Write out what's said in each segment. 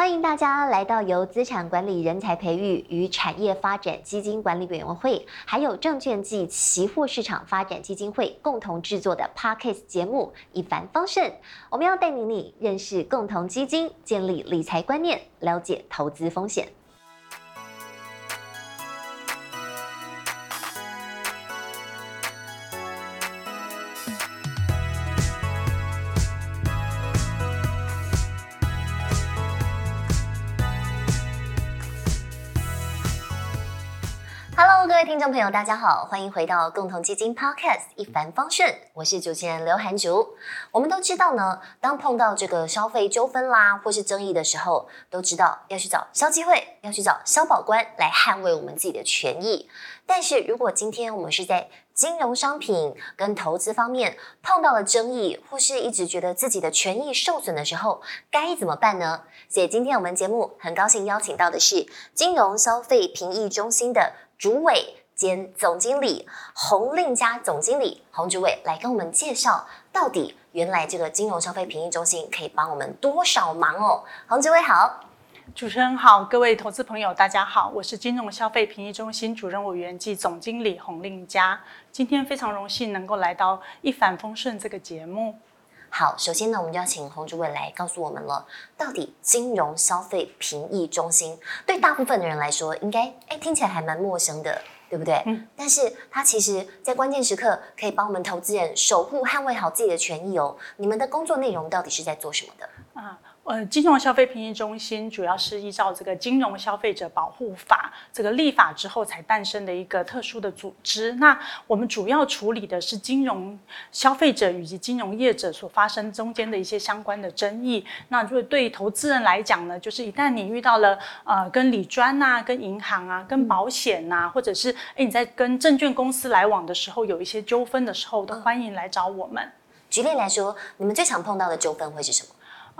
歡迎大家來到由資產管理人才培育與產業發展基金管理委員會，還有證券及期貨市場發展基金會共同製作的 Podcast 節目《一帆風順》。我們要帶領你認識共同基金，建立理財觀念，了解投資風險。聽眾朋友，大家好，歡迎回到共同基金 Podcast 一帆風順，我是主持人劉涵竹。我們都知道呢，當碰到這個消費糾紛啦或是爭議的時候，都知道要去找消基會，要去找消保官來捍衛我們自己的權益。但是如果今天我們是在金融商品跟投資方面碰到了爭議，或是一直覺得自己的權益受損的時候，該怎麼辦呢？所以今天我們節目很高興邀請到的是金融消費評議中心的主委，兼總經理洪令家總經理，洪主委來跟我們介紹，到底原來這個金融消費評議中心可以幫我們多少忙哦？洪主委好。主持人好，各位投資朋友大家好，我是金融消費評議中心主任委員暨總經理洪令家。今天非常榮幸能夠來到一帆風順這個節目。好，首先呢，我們就要請洪主委來告訴我們了，到底金融消費評議中心對大部分的人來說，應該哎聽起來還蠻陌生的，對不對？嗯，但是他其實，在關鍵時刻可以幫我們投資人守護、捍衛好自己的權益哦。你們的工作內容到底是在做什麼的？啊、嗯。呃，金融消費評議中心主要是依照這個《金融消費者保護法》這個立法之後才誕生的一個特殊的組織。那我們主要處理的是金融消費者以及金融業者所發生中間的一些相關的爭議。那如果對投資人來講呢，就是一旦你遇到了呃跟理專吶、啊、跟銀行啊、跟保險吶、啊，或者是哎你在跟證券公司來往的時候有一些糾紛的時候，都歡迎來找我們。舉例來說，你們最常碰到的糾紛會是什麼？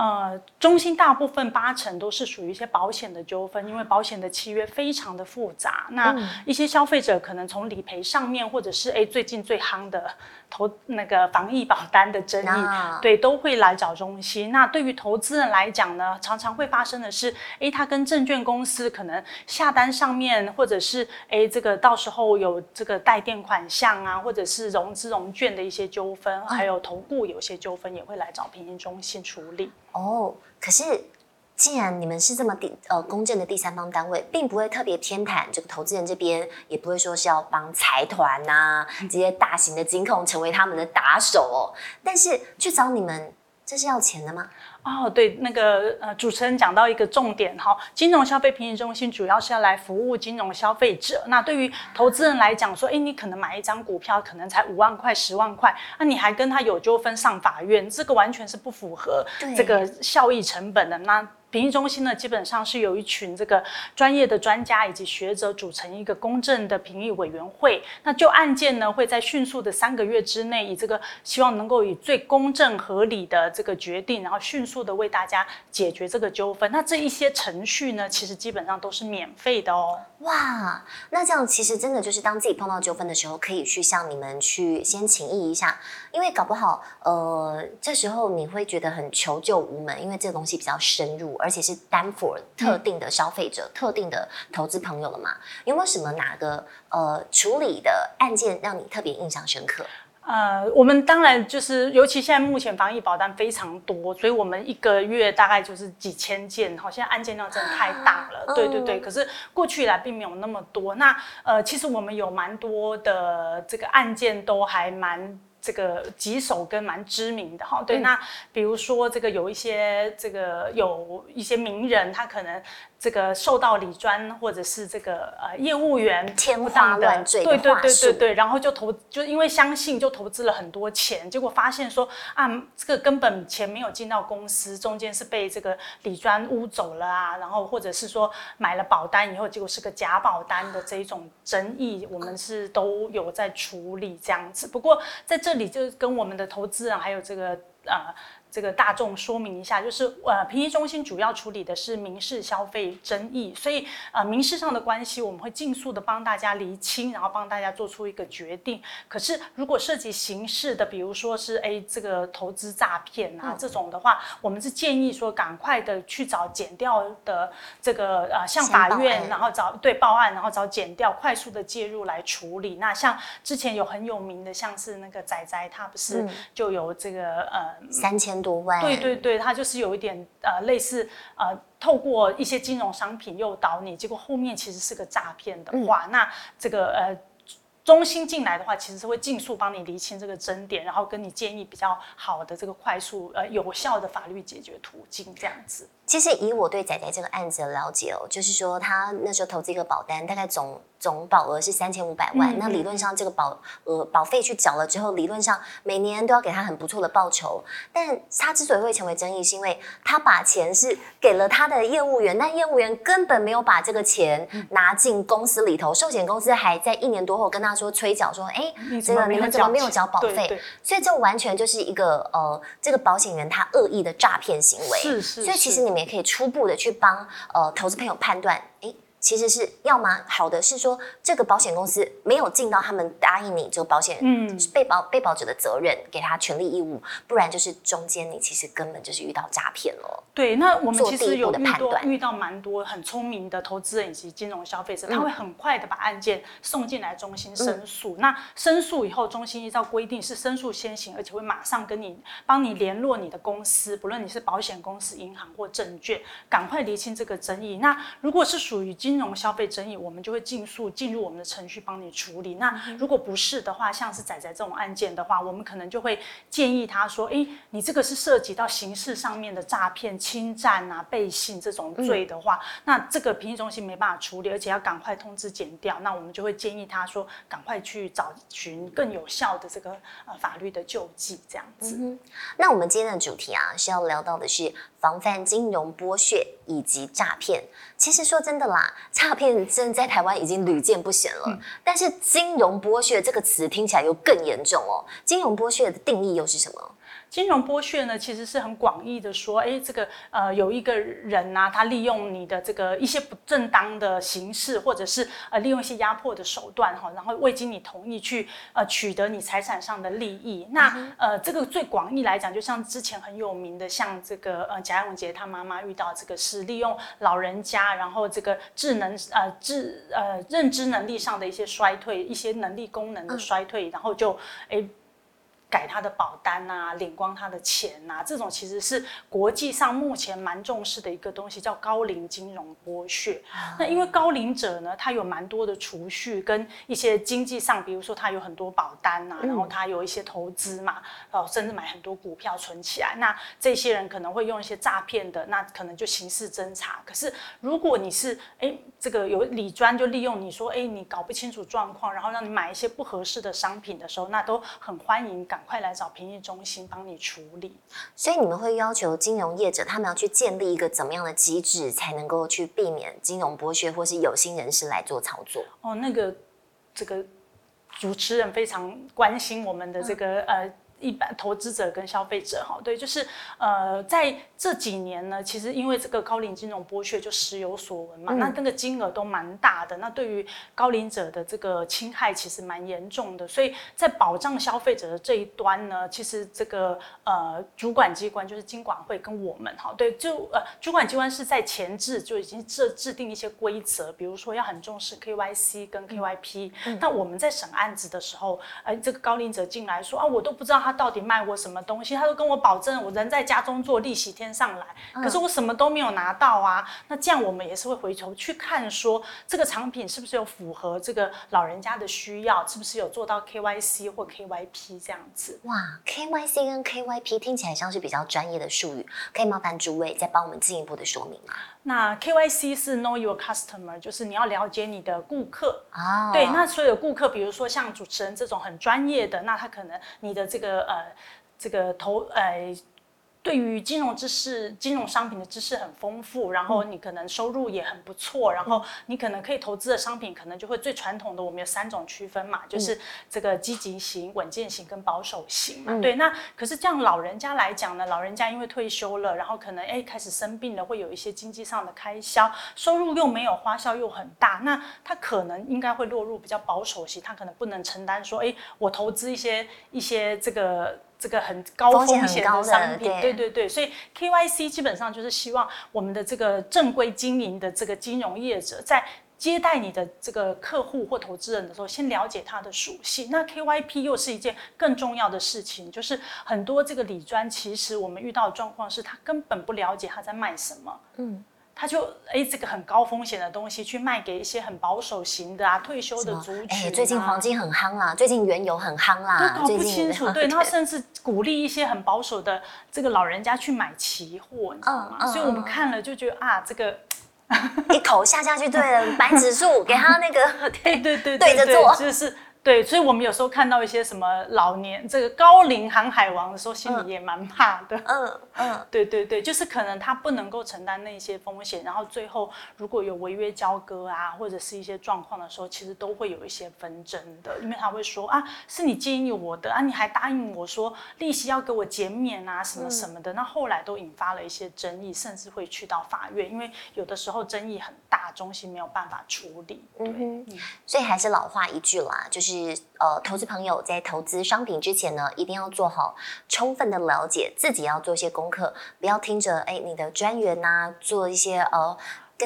呃，中心大部分八成都是屬於一些保險的糾紛，因為保險的契約非常的複雜，那一些消費者可能從理賠上面，或者是哎、欸、最近最夯的。投那個防疫保單的爭議，對，都會來找中心。那對於投資人來講呢，常常會發生的是，哎、欸，他跟證券公司可能下單上面，或者是哎、欸，這個到時候有這個代墊款項啊，或者是融資融券的一些糾紛，還有投顧有些糾紛，也會來找評議中心處理。哦、oh，可是。既然你們是這麼第呃公正的第三方單位，並不會特別偏袒這個投資人這邊，也不會說是要幫財團吶、啊、這些大型的金控成為他們的打手哦。但是去找你們，這是要錢的嗎？哦，對，那個呃主持人講到一個重點哈，金融消費評議中心主要是要來服務金融消費者。那對於投資人來講說，說哎，你可能買一張股票，可能才五萬塊、十萬塊，那、啊、你還跟他有糾紛上法院，這個完全是不符合這個效益成本的。那評議中心呢，基本上是由一群這個專業的專家以及學者組成一個公正的評議委員會。那就案件呢，會在迅速的三個月之內，以這個希望能夠以最公正合理的這個決定，然後迅速的為大家解決這個糾紛。那這一些程序呢，其實基本上都是免費的哦。哇，那這樣其實真的就是當自己碰到糾紛的時候，可以去向你們去先請益一下，因為搞不好，呃，這時候你會覺得很求救無門，因為這個東西比較深入。而且是單 f 特定的消費者、嗯、特定的投資朋友了嘛？有沒有什麼哪個呃處理的案件讓你特別印象深刻？呃，我們當然就是，尤其現在目前防疫保單非常多，所以我們一個月大概就是幾千件，好像在案件量真的太大了。啊、對對對、嗯，可是過去以來並沒有那麼多。那呃，其實我們有蠻多的這個案件都還蠻。這個幾首歌蠻知名的哈，對，那比如說這個有一些這個有一些名人，他可能。這個受到理專，或者是這個呃業務員添油加醋，對對對對對，然後就投，就因為相信就投資了很多錢，結果發現說啊，這個根本錢沒有進到公司，中間是被這個理專污走了啊，然後或者是說，買了保單以後，結果是個假保單的這一種爭議，我們是都有在處理這樣子。不過在這裡就跟我們的投資人啊，還有這個呃這個大眾說明一下，就是呃，評議中心主要處理的是民事消費爭議，所以呃，民事上的關係我們會盡速的幫大家釐清，然後幫大家做出一個決定。可是如果涉及刑事的，比如說是哎、欸、這個投資詐騙啊、嗯、這種的話，我們是建議說趕快的去找檢調的這個呃，向法院，然後找對報案，然後找檢調快速的介入來處理。那像之前有很有名的，像是那個仔仔他不是就有這個、嗯、呃三千。Right. 對對對，它就是有一點呃，類似呃，透過一些金融商品誘導你，結果後面其實是個詐騙的話，嗯、那這個呃中心進來的話，其實是會盡速幫你釐清這個爭點，然後跟你建議比較好的這個快速呃有效的法律解決途徑這樣子。其實以我對仔仔這個案子的了解哦，就是說他那時候投資一個保單，大概總總保額是三千五百萬嗯嗯。那理論上這個保額、呃、保費去繳了之後，理論上每年都要給他很不錯的報酬。但他之所以會成為爭議，是因為他把錢是給了他的業務員，但業務員根本沒有把這個錢拿進公司裡頭。壽險公司還在一年多後跟他說催繳，說：“哎，這個你們怎麼沒有繳保費對對？”所以這完全就是一個呃，這個保險員他惡意的詐騙行為。是是，是。所以其實你們。也可以初步的去幫呃投資朋友判斷，誒、欸。其實是要嘛，好的是說，這個保險公司沒有盡到他們答應你這個保險，嗯，被保被保者的責任，給他權利義務，不然就是中間你其實根本就是遇到詐騙了。對，那我們其實有遇到蠻多，多很聰明的投資人以及金融消費者，嗯，他會很快的把案件送進來中心申訴，嗯。那申訴以後，中心依照規定是申訴先行，而且會馬上跟你幫你聯絡你的公司，不論你是保險公司、銀行或證券，趕快釐清這個爭議。那如果是屬於金金融消費爭議，我們就會盡速進入我們的程序幫你處理。那如果不是的話，像是仔仔這種案件的話，我們可能就會建議他說：“誒、欸，你這個是涉及到刑事上面的詐騙、侵占啊、背信這種罪的話，嗯、那這個評議中心沒辦法處理，而且要趕快通知檢調。那我們就會建議他說，趕快去找尋更有效的這個呃法律的救濟這樣子、嗯。那我們今天的主題啊，是要聊到的是防範金融剝削以及詐騙。其實說真的啦，詐騙真在台灣已經屢見不鮮了、嗯。但是金融剝削這個詞聽起來又更嚴重哦。金融剝削的定義又是什麼？金融剝削呢，其實是很廣義的說，哎，這個呃，有一個人吶、啊，他利用你的這個一些不正當的形式，或者是呃，利用一些壓迫的手段哈，然後未經你同意去呃，取得你財產上的利益。那呃，這個最廣義來講，就像之前很有名的，像這個呃，賈永婕他媽媽遇到這個事，利用老人家，然後這個智能呃智呃認知能力上的一些衰退，一些能力功能的衰退，然後就哎。誒，改他的保單吶、啊，領光他的錢吶、啊，這種其實是國際上目前蠻重視的一個東西，叫高齡金融剝削。Uh -huh. 那因為高齡者呢，他有蠻多的儲蓄跟一些經濟上，比如說他有很多保單吶、啊，uh -huh. 然後他有一些投資嘛，哦，甚至買很多股票存起來。那這些人可能會用一些詐騙的，那可能就刑事偵查。可是如果你是，哎，這個有理專就利用你說，哎，你搞不清楚狀況，然後讓你買一些不合適的商品的時候，那都很歡迎港，快來找評議中心幫你處理。所以你們會要求金融業者，他們要去建立一個怎麼樣的機制，才能夠去避免金融剝削或是有心人士來做操作？哦，那個，這個主持人非常關心我們的這個、嗯、呃。一般投資者跟消費者，哈，對，就是呃，在這幾年呢，其實因為這個高齡金融剝削就時有所聞嘛，嗯，那那個金額都蠻大的，那對於高齡者的這個侵害其實蠻嚴重的，所以在保障消費者的這一端呢，其實這個呃主管機關就是金管會跟我們，哈，對，就呃主管機關是在前置就已經制制定一些規則，比如說要很重視 KYC 跟 KYP，嗯，但我們在審案子的時候，哎，呃，這個高齡者進來說啊，我都不知道他。他到底賣我什麼東西？他都跟我保證，我人在家中坐，利息天上來，嗯。可是我什麼都沒有拿到啊！那這樣我們也是會回頭去，去看，說這個產品是不是有符合這個老人家的需要，是不是有做到 KYC 或 KYP 這樣子？哇，KYC 跟 KYP 聽起來像是比較專業的術語，可以麻煩諸位再幫我們進一步的說明嗎？啊？那 KYC 是 Know Your Customer，就是你要了解你的顧客啊、哦。對，那所有的顧客，比如說像主持人這種很專業的、嗯，那他可能你的這個。呃，這個投呃。對於金融知識、金融商品的知識很豐富，然後你可能收入也很不錯，然後你可能可以投資的商品可能就會最傳統的，我們有三種區分嘛，嗯、就是這個積極型、穩健型跟保守型嘛。嗯、對，那可是這樣老人家來講呢，老人家因為退休了，然後可能哎開始生病了，會有一些經濟上的開銷，收入又沒有，花銷又很大，那他可能應該會落入比較保守型，他可能不能承擔說，哎，我投資一些一些這個。這個很高風險的商品，對，對對對，所以 KYC 基本上就是希望我們的這個正規經營的這個金融業者，在接待你的這個客戶或投資人的時候，先了解他的屬性。那 KYP 又是一件更重要的事情，就是很多這個理專，其實我們遇到的狀況是他根本不了解他在賣什麼。嗯。他就哎，這個很高風險的東西，去賣給一些很保守型的啊，退休的族群啊。哎，最近黃金很夯啦，最近原油很夯啦，最近很夯。搞不清楚。不對，對，他甚至鼓勵一些很保守的這個老人家去買期貨，嗯、你知道嗎、嗯？所以我們看了就覺得、嗯、啊，這個一口下下去，對了，白指數 給他那個對，對對對，對，對着做。對，所以，我們有時候看到一些什麼老年這個高齡航海王的時候，心裡也蠻怕的。嗯嗯，對對對，就是可能他不能夠承擔那些風險，然後最後如果有違約交割啊，或者是一些狀況的時候，其實都會有一些紛爭的，因為他會說啊，是你建議我的啊，你還答應我說利息要給我減免啊，什麼什麼的，嗯，那後來都引發了一些爭議，甚至會去到法院，因為有的時候爭議很大。大中心沒有辦法處理，嗯哼，所以還是老話一句啦，就是呃，投資朋友在投資商品之前呢，一定要做好充分的了解，自己要做一些功課，不要聽着哎、欸，你的專員吶、啊、做一些呃。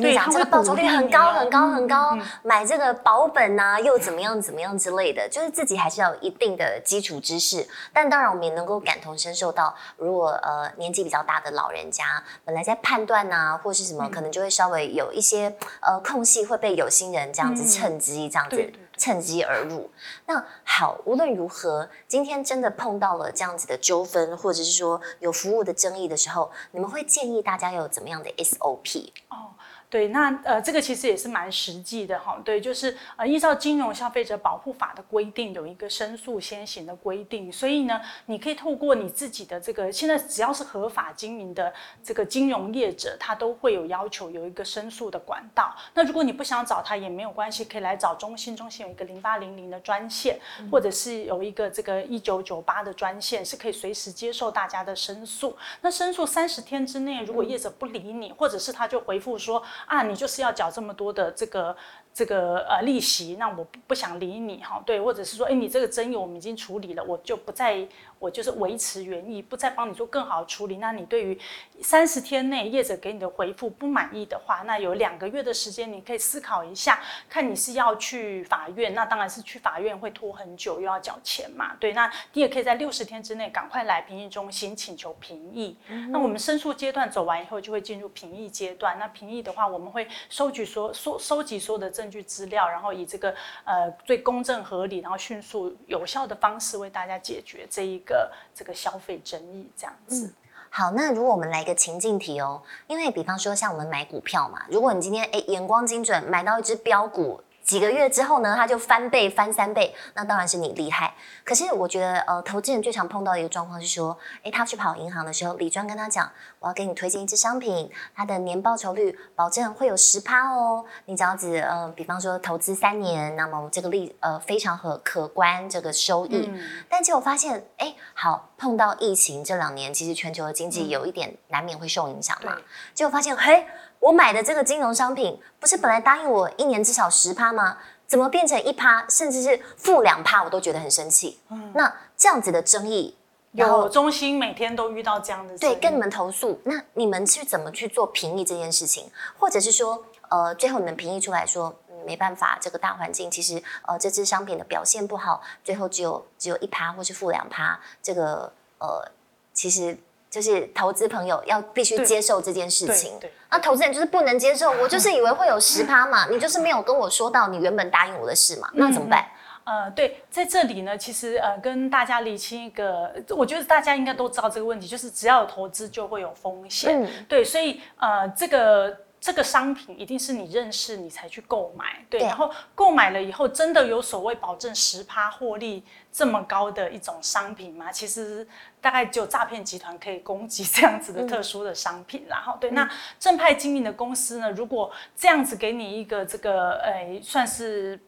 跟你講，這個報酬率很高，很高，啊，很高。嗯嗯嗯、買這個保本啊，又怎麼樣，怎麼樣之類的、嗯，就是自己還是要有一定的基礎知識。嗯、但當然，我們也能夠感同身受到，如果呃年紀比較大的老人家，本來在判斷啊，或是什麼，嗯、可能就會稍微有一些呃空隙，會被有心人這樣子趁機、嗯、這樣子趁機而入、嗯對對對。那好，無論如何，今天真的碰到了這樣子的糾紛，或者是說有服務的爭議的時候，你們會建議大家有怎麼樣的 SOP 哦？對，那呃，這個其實也是蠻實際的哈。對，就是呃，依照金融消費者保護法的規定，有一個申訴先行的規定。所以呢，你可以透過你自己的這個，現在只要是合法經營的這個金融業者，他都會有要求有一個申訴的管道。那如果你不想找他也沒有關係，可以來找中心。中心有一個零八零零的專線，或者是有一個這個一九九八的專線，是可以隨時接受大家的申訴。那申訴三十天之內，如果業者不理你，嗯、或者是他就回復說。啊，你就是要繳這麼多的這個。這個呃利息，那我不，不想理你哈，對，或者是說，哎、欸，你這個爭議我們已經處理了，我就不再，我就是維持原意，不再幫你做更好的處理。那你對於三十天內業者給你的回復不滿意的話，那有兩個月的時間你可以思考一下，看你是要去法院，那當然是去法院會拖很久，又要繳錢嘛，對。那你也可以在六十天之內趕快來評議中心請求評議，嗯。那我們申訴階段走完以後，就會進入評議階段。那評議的話，我們會收集說收收集所有的證。根據資料，然後以這個呃最公正合理，然後迅速有效的方式為大家解決這一個這個消費爭議，這樣子，嗯。好，那如果我們來一個情境題哦，因為比方說像我們買股票嘛，如果你今天哎眼光精準，買到一支飆股，幾個月之後呢，他就翻倍、翻三倍，那當然是你厲害。可是我覺得，呃，投資人最常碰到一個狀況是說，哎、欸，他去跑銀行的時候，理專跟他講，我要給你推薦一支商品，它的年報酬率保證會有十趴哦。你只要子，嗯、呃，比方說投資三年，那麼這個利呃非常可可觀，這個收益、嗯。但結果發現，哎、欸，好，碰到疫情這兩年，其實全球的經濟有一點難免會受影響嘛、嗯。結果發現，嘿，我買的這個金融商品，不是本來答應我一年至少十趴嗎？怎麼變成一趴，甚至是負兩趴，我都覺得很生氣。嗯，那這樣子的爭議，有中心每天都遇到這樣的事，對，跟你們投訴。那你們是怎麼去做評議這件事情？或者是說，呃，最後你們評議出來說、嗯，沒辦法，這個大環境其實，呃，這支商品的表現不好，最後只有只有一趴，或是負兩趴，這個呃，其實。就是投資朋友要必須接受這件事情，對？那、啊、投資人就是不能接受，嗯、我就是以為會有十趴嘛、嗯，你就是沒有跟我說到你原本答應我的事嘛，嗯、那怎麼辦？呃，對，在這裡呢，其實呃，跟大家理清一個，我覺得大家應該都知道這個問題，就是只要有投資就會有風險、嗯，對，所以呃，這個。這個商品一定是你認識你才去購買，對。然後購買了以後，真的有所謂保證十趴獲利這麼高的一種商品嗎？其實大概就詐騙集團可以攻擊這樣子的特殊的商品，嗯。然後，對，那正派經營的公司呢，如果這樣子給你一個這個呃，算是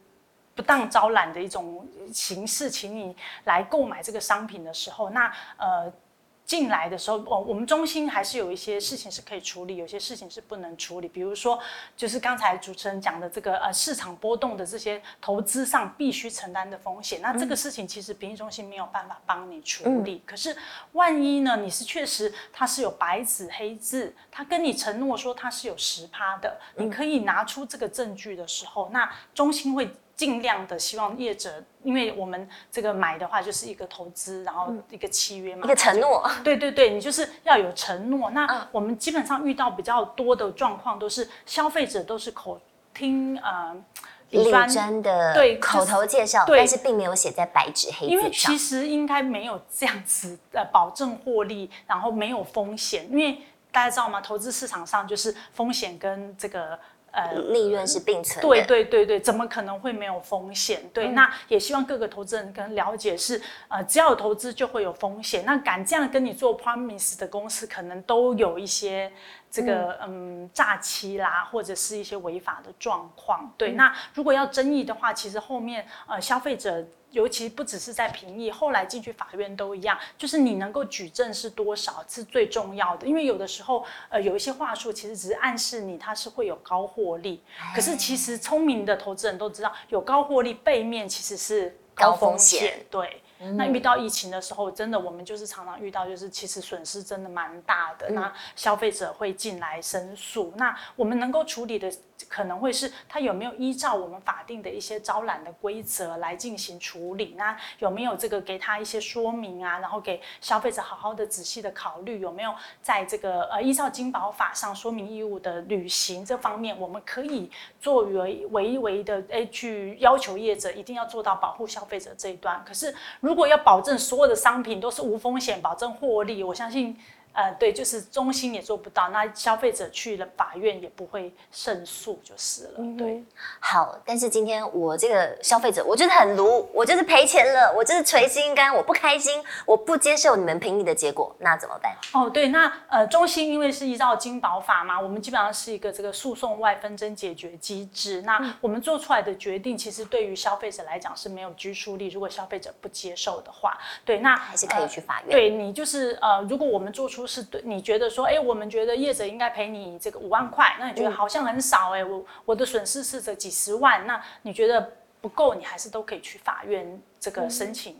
不當招攬的一種形式，請你來購買這個商品的時候，那呃。進來的時候，我、哦、我們中心還是有一些事情是可以處理，有些事情是不能處理。比如說，就是剛才主持人講的這個呃市場波動的這些投資上必須承擔的風險，那這個事情其實評議中心沒有辦法幫你處理、嗯。可是萬一呢，你是確實它是有白紙黑字，他跟你承諾說它是有十趴的，你可以拿出這個證據的時候，那中心會。盡量的希望業者，因為我們這個買的話就是一個投資，然後一個契約嘛，嗯、一個承諾。對對對，你就是要有承諾、啊。那我們基本上遇到比較多的狀況都是消費者都是口聽呃，李娟的對、就是、口頭介紹，但是並沒有寫在白紙黑字上。因為其實應該沒有這樣子的保證獲利，然後沒有風險。因為大家知道嗎？投資市場上就是風險跟這個。呃，利潤是並存。對對對對，怎麼可能會沒有風險？對，那也希望各個投資人跟了解是，呃，只要有投資就會有風險。那敢這樣跟你做 promise 的公司，可能都有一些這個嗯詐欺啦，或者是一些違法的狀況。對，那如果要爭議的話，其實後面呃消費者。尤其不只是在評議，後來進去法院都一樣，就是你能夠舉證是多少是最重要的。因為有的時候，呃，有一些話術其實只是暗示你它是會有高獲利、欸，可是其實聰明的投資人都知道，有高獲利背面其實是高風險。對、嗯，那遇到疫情的時候，真的我們就是常常遇到，就是其實損失真的蠻大的。嗯、那消費者會進來申訴，那我們能夠處理的。可能會是他有沒有依照我們法定的一些招攬的規則來進行處理，那有沒有這個給他一些說明啊？然後給消費者好好的仔細的考慮，有沒有在這個呃依照金保法上說明義務的履行這方面，我們可以作為唯一的誒去要求業者一定要做到保護消費者這一端。可是如果要保證所有的商品都是無風險、保證獲利，我相信。呃，對，就是中心也做不到，那消費者去了法院也不會勝訴，就是了。對，Mm-hmm. 好，但是今天我這個消費者，我覺得很盧，我就是賠錢了，我就是捶心肝，我不開心，我不接受你們評議的結果，那怎麼辦？哦，對，那呃，中心因為是依照金保法嘛，我們基本上是一個這個訴訟外紛爭解決機制，那我們做出來的決定，其實對於消費者來講是沒有拘束力，如果消費者不接受的話，對，那還是可以去法院。呃，對，你就是呃，如果我們做出是對，你覺得說，哎、欸，我們覺得業者應該賠你這個五萬塊，那你覺得好像很少，哎、欸，我我的損失是這幾十萬，那你覺得？不夠，你還是都可以去法院這個申請，嗯、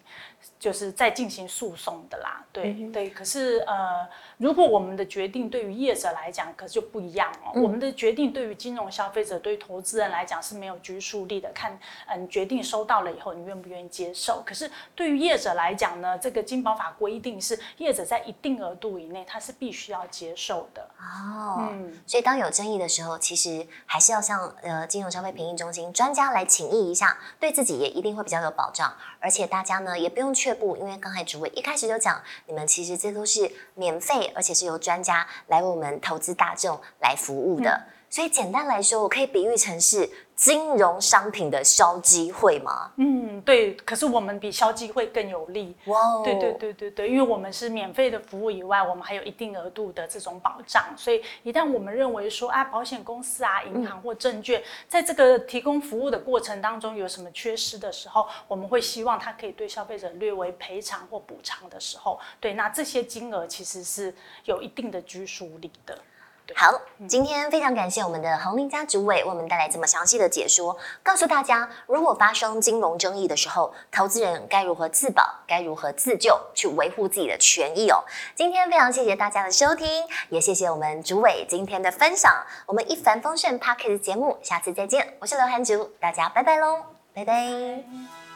就是再進行訴訟的啦。對嗯嗯對，可是呃，如果我們的決定對於業者來講，可就不一樣哦、嗯。我們的決定對於金融消費者、對於投資人來講是沒有拘束力的，看嗯、呃、決定收到了以後，你願不願意接受。可是對於業者來講呢，這個金保法規定是業者在一定額度以內，他是必須要接受的哦。嗯。所以，當有爭議的時候，其實還是要向呃金融消費評議中心專家來請益一下，對自己也一定會比較有保障。而且大家呢也不用卻步，因為剛才主委一開始就講，你們其實這都是免費，而且是由專家來為我們投資大眾來服務的。嗯所以簡單來說，我可以比喻成是金融商品的消基會嗎？嗯，對。可是我們比消基會更有利。哇，哦，對對對對對，因為我們是免費的服務以外，我們還有一定額度的這種保障。所以一旦我們認為說啊，保險公司啊、銀行或證券、嗯、在這個提供服務的過程當中有什麼缺失的時候，我們會希望它可以對消費者略為賠償或補償的時候，對，那這些金額其實是有一定的拘束力的。好，今天非常感謝我們的洪令家主委為我們帶來這麼詳細的解說，告訴大家如果發生金融爭議的時候，投資人該如何自保，該如何自救，去維護自己的權益哦。今天非常謝謝大家的收聽，也謝謝我們主委今天的分享。我們一帆風順 Park 的節目，下次再見。我是劉涵竹，大家拜拜嘍，拜拜。